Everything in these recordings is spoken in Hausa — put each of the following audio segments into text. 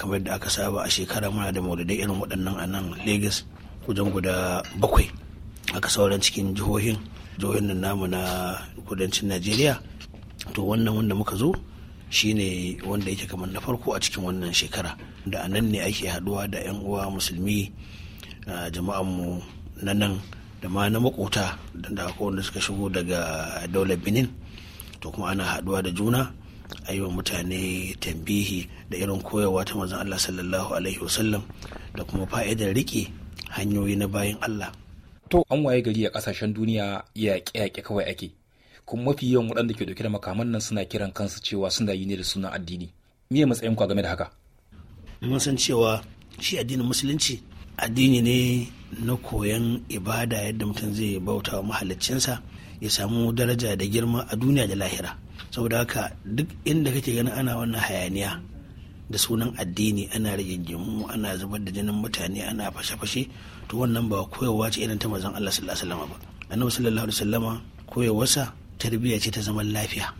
kamar yadda aka saba a shekara muna da maulidai irin waɗannan a nan lagos wajen guda bakwai aka sauran cikin jihohin jihohin nan namu na kudancin najeriya to wannan wanda muka zo shine wanda yake kamar na farko a cikin wannan shekara da a nan ne ake haduwa da 'yan uwa musulmi jama'anmu na nan da ma na makota da wanda suka shigo daga daular benin to kuma ana haduwa da juna a yi wa mutane tambihi da irin koyarwa ta mazan Allah sallallahu alaihi wasallam da kuma fa'idar rike hanyoyi na bayan Allah. To an waye gari a ƙasashen duniya ya yaƙe kawai ake kuma mafi yawan waɗanda ke ɗauke da makaman nan suna kiran kansu cewa suna yi ne da sunan addini. Me matsayin ku game da haka? Mun san cewa shi addinin musulunci addini ne na koyon ibada yadda mutum zai bauta wa mahaliccinsa ya samu daraja da girma a duniya da lahira. saboda haka duk inda kake ganin ana wannan hayaniya da sunan addini ana rigingimu ana zubar da jinin mutane ana fashe-fashe to wannan ba koyarwa ce irin ta mazan Allah sallallahu alaihi wasallam ba annabi sallallahu alaihi wasallam koyarwarsa tarbiyya ce ta zaman lafiya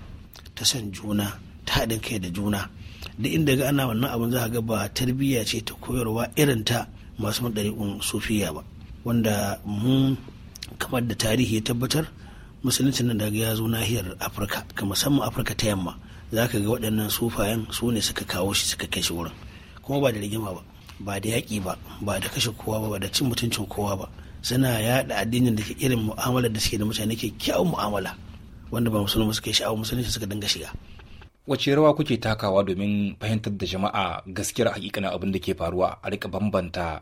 ta san juna ta haɗin kai da juna duk inda ga ana wannan abun za ga ba tarbiyya ce ta koyarwa irin ta masu madari'un sufiya ba wanda mu kamar da tarihi ya tabbatar musulunci na daga ya zo nahiyar afirka ka musamman afirka ta yamma za ka ga waɗannan sufayen su ne suka kawo shi suka kai shi wurin kuma ba da rigima ba ba da yaƙi ba ba da kashe kowa ba ba da cin mutuncin kowa ba suna yaɗa addinin da ke irin mu'amalar da suke da mutane ke kyawun mu'amala wanda ba musulmi suka shi a musulunci suka dinga shiga wace rawa kuke takawa domin fahimtar da jama'a gaskiyar hakikanin abin da ke faruwa a rika bambanta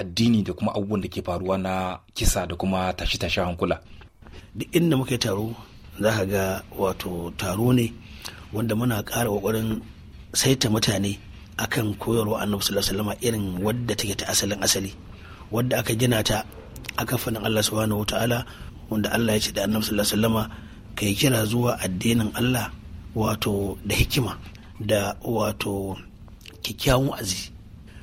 addini da kuma abubuwan da ke faruwa na kisa da kuma tashi tashi hankula duk inda muka yi taro za ka ga wato taro ne wanda muna ƙara ƙoƙarin saita mutane akan koyarwa annabi sallallahu alaihi irin wadda take ta asalin asali wadda aka gina ta a faɗin Allah subhanahu wataala wanda Allah ya ce da annabi sallallahu alaihi kai kira zuwa addinin Allah wato da hikima da wato kyakkyawan azi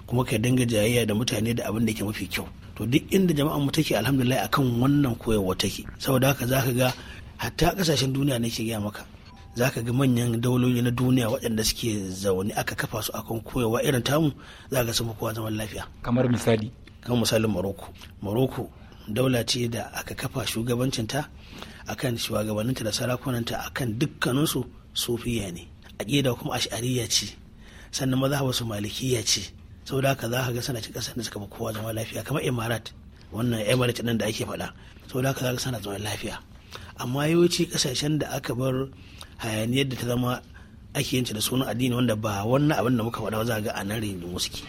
kuma ka dinga jayayya da mutane da abin da ke mafi kyau to duk inda jama'an mu take alhamdulillah akan wannan koyarwa take saboda haka zaka ga hatta kasashen duniya ke gaya maka za ka ga manyan dauloli na duniya waɗanda suke zaune aka kafa su akan koyawa irin tamu za ga sun kowa zaman lafiya kamar misali kamar misalin maroko maroko daula ce da aka kafa shugabancinta akan shugabanninta da sarakunan sarakunanta akan dukkaninsu sufiya ne aƙida kuma ash'ariya ce sannan mazhabar su malikiyya ce saboda haka za ka ga suna cikin ƙasar da suka fi kowa zama lafiya kamar imarat wannan emirat nan da ake faɗa saboda haka za ka suna zama lafiya amma yawanci ƙasashen da aka bar hayaniyar da ta zama ake yin da sunan addini wanda ba wannan abin da muka faɗa za ga a nan rigingimu suke.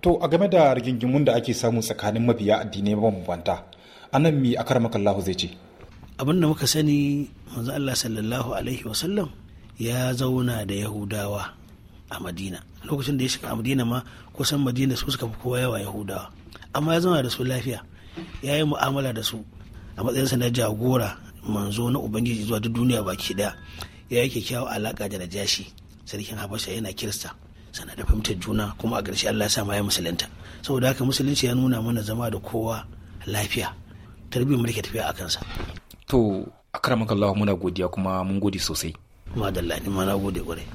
to a game da rigingimun da ake samu tsakanin mabiya addinai mabambanta nan mi akar lahu zai ce. abin da muka sani manzo Allah sallallahu alaihi wasallam ya zauna da yahudawa a madina lokacin da ya shiga a madina ma kusan madina su suka fi kowa yawa yahudawa amma ya zama da su lafiya ya yi mu'amala da su a matsayinsa na jagora manzo na ubangiji zuwa duk duniya baki daya ya yi kyakkyawa alaka da najashi sarkin habasha yana kirista sana da fahimtar juna kuma a ƙarshe allah sa ma ya musulunta saboda haka musulunci ya nuna mana zama da kowa lafiya tarbiyyar mulki tafiya a kansa to a akramakallahu muna godiya kuma mun gode sosai madalla ni ma na gode kwarai